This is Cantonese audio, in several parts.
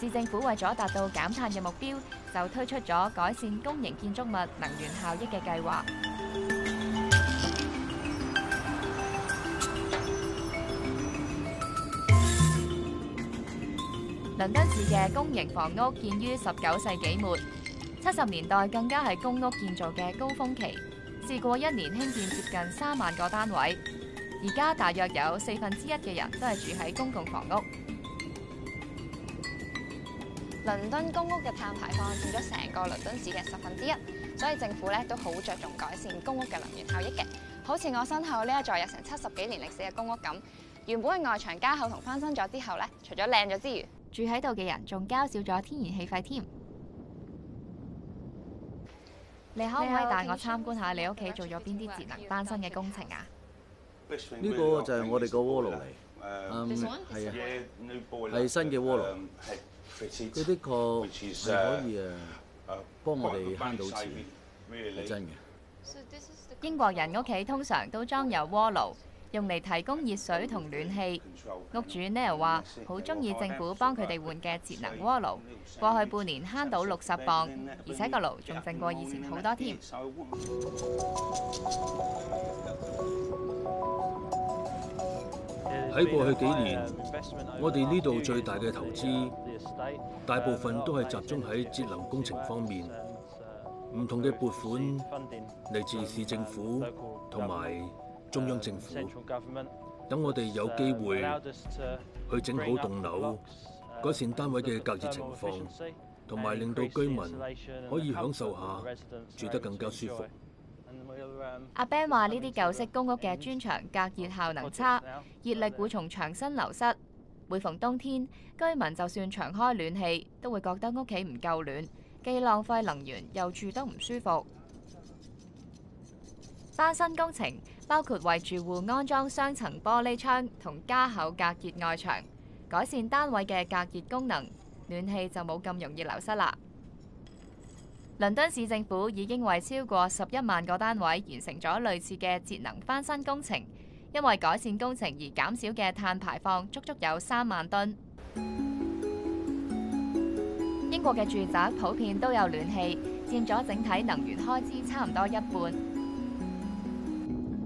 市政府為咗達到減碳嘅目標，就推出咗改善公營建築物能源效益嘅計劃。倫敦市嘅公營房屋建於十九世紀末，七十年代更加係公屋建造嘅高峰期，試過一年興建接近三萬個單位。而家大約有四分之一嘅人都係住喺公共房屋。倫敦公屋嘅碳排放佔咗成個倫敦市嘅十分之一，所以政府咧都好着重改善公屋嘅能源效益嘅。好似我身後呢一座有成七十幾年歷史嘅公屋咁，原本嘅外牆加厚同翻新咗之後咧，除咗靚咗之餘，住喺度嘅人仲交少咗天然氣費添。你可唔可以帶我參觀下你屋企做咗邊啲節能翻新嘅工程啊？呢個就係我哋個鍋爐嚟。係啊，係新嘅鍋爐。佢的確係可以誒幫我哋慳到錢，係真嘅。英國人屋企通常都裝有鍋爐，用嚟提供熱水同暖氣。屋主 Neil 話：好中意政府幫佢哋換嘅節能鍋爐，過去半年慳到六十磅，而且個爐仲剩過以前好多添。喺過去幾年，我哋呢度最大嘅投資，大部分都係集中喺節能工程方面。唔同嘅撥款嚟自市政府同埋中央政府。等我哋有機會去整好棟樓，改善單位嘅隔熱情況，同埋令到居民可以享受下住得更加舒服。阿 Ben 話：呢啲舊式公屋嘅磚牆隔熱效能差，熱力會從牆身流失。每逢冬天，居民就算長開暖氣，都會覺得屋企唔夠暖，既浪費能源又住得唔舒服。翻新工程包括為住戶安裝雙層玻璃窗同加厚隔熱外牆，改善單位嘅隔熱功能，暖氣就冇咁容易流失啦。倫敦市政府已經為超過十一萬個單位完成咗類似嘅節能翻新工程，因為改善工程而減少嘅碳排放足足有三萬噸。英國嘅住宅普遍都有暖氣，佔咗整體能源開支差唔多一半。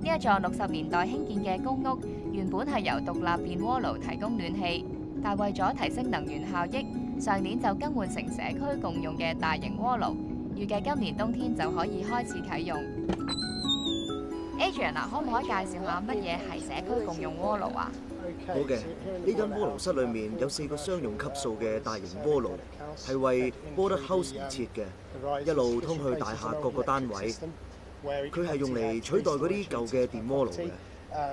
呢一座六十年代興建嘅公屋原本係由獨立電鍋爐提供暖氣，但為咗提升能源效益，上年就更換成社區共用嘅大型鍋爐。預計今年冬天就可以開始啟用。Adrian 啊，可唔可以介紹下乜嘢係社區共用鍋爐啊？好嘅，呢間鍋爐室裏面有四個商用級數嘅大型鍋爐，係為 Boat House 而設嘅，一路通去大廈各個單位。佢係用嚟取代嗰啲舊嘅電鍋爐嘅。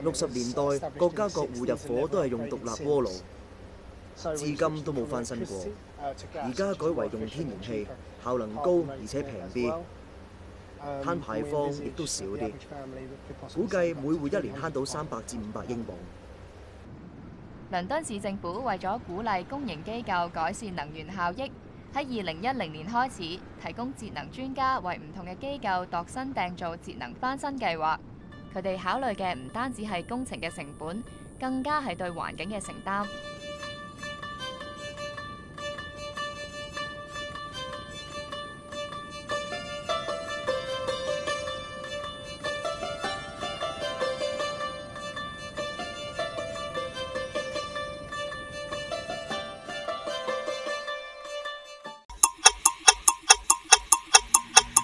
六十年代各家各戶入夥都係用獨立鍋爐，至今都冇翻新過。而家改為用天然氣。效能高，而且平啲，碳排放亦都少啲，估計每戶一年慳到三百至五百英鎊。倫敦市政府為咗鼓勵公營機構改善能源效益，喺二零一零年開始提供節能專家為唔同嘅機構度身訂造節能翻新計劃。佢哋考慮嘅唔單止係工程嘅成本，更加係對環境嘅承擔。